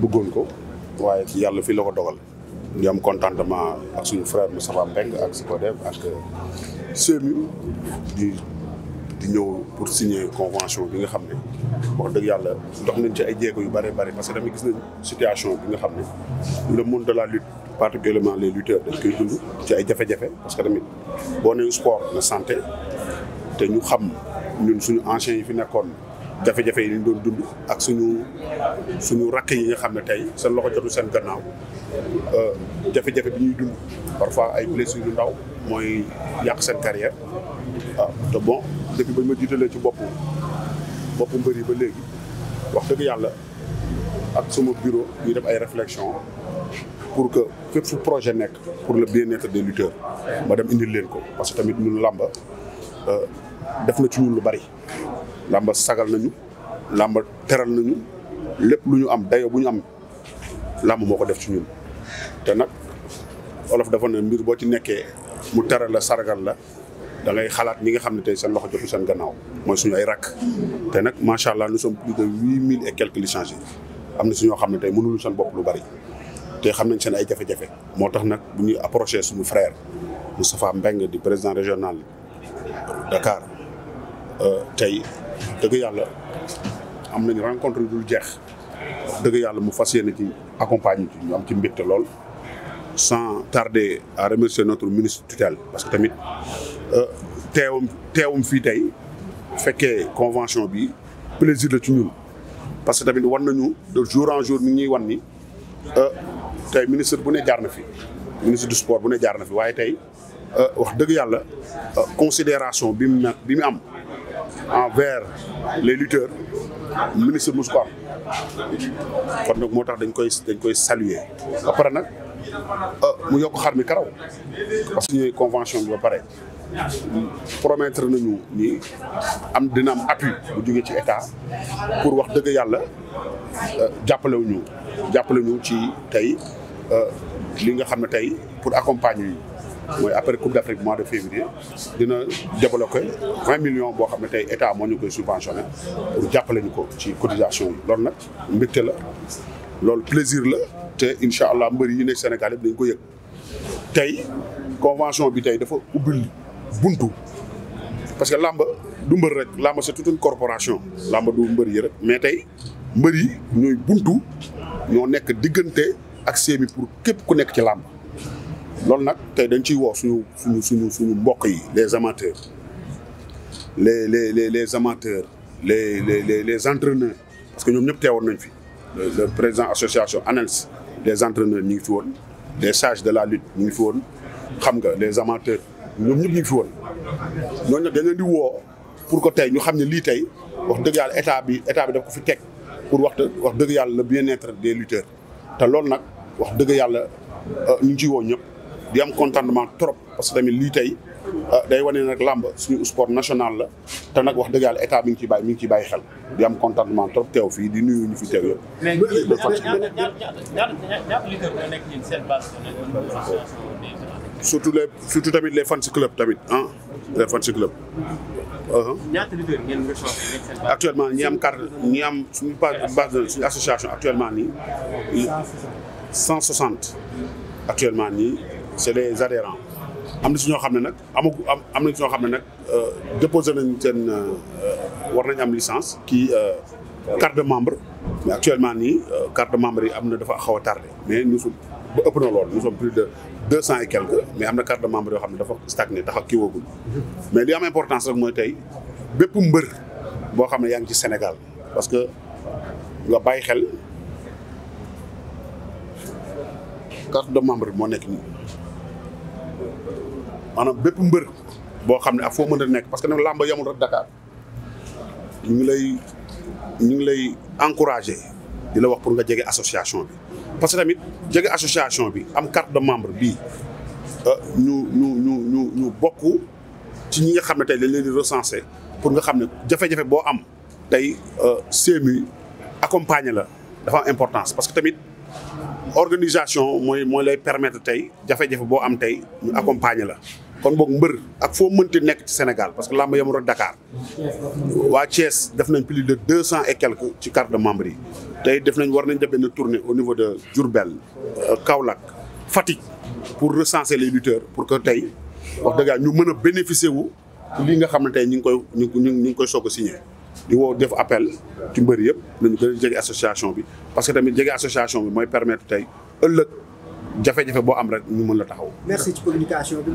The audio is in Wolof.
bëggoon ko waaye ci yàlla fii la ko dogal ñu am contentement ak suñu frère Moustapha Mbengue ak Sikodev ak CMU euh, di di ñëw pour signer convention bi nga xam ne wax dëgg yàlla dox nañ ci ay jéego yu bare bare parce que tamit gis nañ situation bi nga xam ne le monde de la lutte particulièrement les lutteurs dañ koy dund ci ay jafe-jafe parce que tamit boo nee sport na santé te ñu xam ñun suñu anciens yi fi nekkoon jafe-jafe yi ñu doon dund ak suñu suñu rakk yi nga xam ne tey seen loxo jotu seen gannaaw euh, jafe-jafe bi ñuy dund parfois ay blessures yu ndaw mooy yàq seen carrière ah, te bon depuis ba ma jiitalee ci bopp bopp mbër yi ba léegi wax dëgg yàlla ak sama bureau ñu def ay réflexion pour que fépp fu projet nekk pour le bien-être des ma dem indil leen ko parce que tamit ñun làmba euh, def na ci ñun lu bari làmba sagal nañu làmba teral nañu lépp lu ñu am dayo bu ñu am làmb moo ko def ci ñun te nag olof defoon ne mbir boo ci nekkee mu teral la sargal la da xalaat ñi nga xam ne tey seen loxo jotu seen gannaaw mooy suñu ay rakk te nag macha allah nous sommes plus de huit mille et quelques licenciés am na si ñoo xam ne tey mënulu seen bopp lu bari te xam nañ seen ay jafe-jafe moo tax nag bu ñuy approché suñu frère Moustapha Mbeng di président régional Dakar Euh, tey dëgg yàlla am nañu rencontre yu dul jeex dëgg yàlla mu fas yéene ci accompagner ci ñu ci mbégte lool sans tarder à remercier notre ministre tutelle parce que tamit euh, teewum teewum fii tey fekkee convention bi plaisir la ci ñun parce que tamit wan nañu de jour en jour ni ñuy wan ni euh, tey ministre bu ne jaar na fi ministre du sport bu ne jaar na fi waaye tey wax dëgg yàlla considération bi mu am envers les lutteurs ministre mosu ko am kon nag moo tax dañ koy dañ koy saluer ba pare nag euh, mu yokk xar mi karaw parce que ñooy convention bi ba pare promettre nañu ni am dina am appui bu jógee ci état pour wax dëgg yàlla euh, jàppalewuñu ñu jàppale ñu ci tey euh, li nga xam ne tey pour accompagner ñu mooy après coupe d' afrique mois de février dina débloqué vingt boo xam ne tey état moo ñu koy subventionné pour jàppale ñu ko ci cotisation yi loolu nag mbégte la loolu plaisir la te incha allah mbër yi nekk Sénégal yëpp dañ ko yëg tey convention bi tey dafa ubbil buntu parce que làmb du mbër rek làmb c'est toute une corporation làmb du yi rek mais tey mbër ñuy ñooy buntu ñoo nekk diggante ak seemi pour képp ku nekk ci làmb loolu nag tey dañ ciy woo suñu suñu suñu suñu mbokk yi les amateurs les les les les amateurs les les les les entraîneurs parce que ñoom ñëpp teewoon nañ fi le président association ANELS les entraîneurs ñu ngi fi woon les sages de la lutte ñu ngi fi woon xam nga les amateurs ñoom ñëpp ñu fi woon ñooñu nag da leen di woo pour que tey ñu xam ne lii tey wax dëgg yàlla état bi état bi daf ko fi teg pour wax wax dëgg yàlla le bien des lutteurs te loolu nag wax dëgg yàlla euh, ñu ngi woo ñëpp. di am contentement trop parce que tamit lii tey euh, day wane nag làmb su sport national la te nag wax dëgg yàlla état mi ngi ciy bàyyi mi ngi ciy xel di am contentement trop teew fii di nuyu ñu fi teew yëpp. mais surtout les surtout tamit les fans club tamit ah les fans club. Uh-huh. ñaata lutteurs actuellement ñi am carte ñi am suñu base suñu association actuellement nii. 160 actuellement nii. c' est les adhérents am na si ñoo xam ne nag amagu am am na si xam ne nag euh, déposé nañ seen euh, war nañ am licence kii euh, carte de membre mais actuellement nii carte de membre yi am na dafa xaw a tardé mais ñu su ba ëpp na lool nous sommes plus de deux cent et quelques mais am na carte de membre yoo xam ne dafa stagné tax ak kii woogul mais li am importance rek mooy tey bépp mbër boo xam ne yaa ngi ci Sénégal parce que nga bàyyi xel carte de membre moo nekk nii maanaam bépp mbër boo xam ne a foo mën a nekk parce que nag làmb yamul rek Dakar ñu ngi lay ñu ngi lay encouragé di la wax pour nga jege association bi. parce que tamit jege association bi am carte de membre bii euh, ñu ñu ñu ñu ñu bokk ci ñi nga xam ne tey dañ leen di pour nga xam ne jafe-jafe boo am tey CMU euh, accompagner la dafa importance parce que tamit. organisation mooy mooy lay permettre tey jafe-jafe boo am tey ñu accompagner la kon boog mbër ak foo mënti nekk ci Sénégal parce que làmb yamaro Dakar waa Thiès def nañ plus de deux cent et quelques ci carte de membre yi tey def nañ war nañ def benn tournée au niveau de Diourbel euh, Kaolack Fatick pour recenser les lutteurs pour que tey wax dëgg ñu mën a bénéficier wu lii nga xam ne tey ñu ngi koy ñu ñu ngi koy soog a signé di woo def appel ci mbër yëpp nañu gën a jege association bi parce que tamit jege association bi mooy permettre tey ëllëg jafe boo am rek ñu mën la taxaw.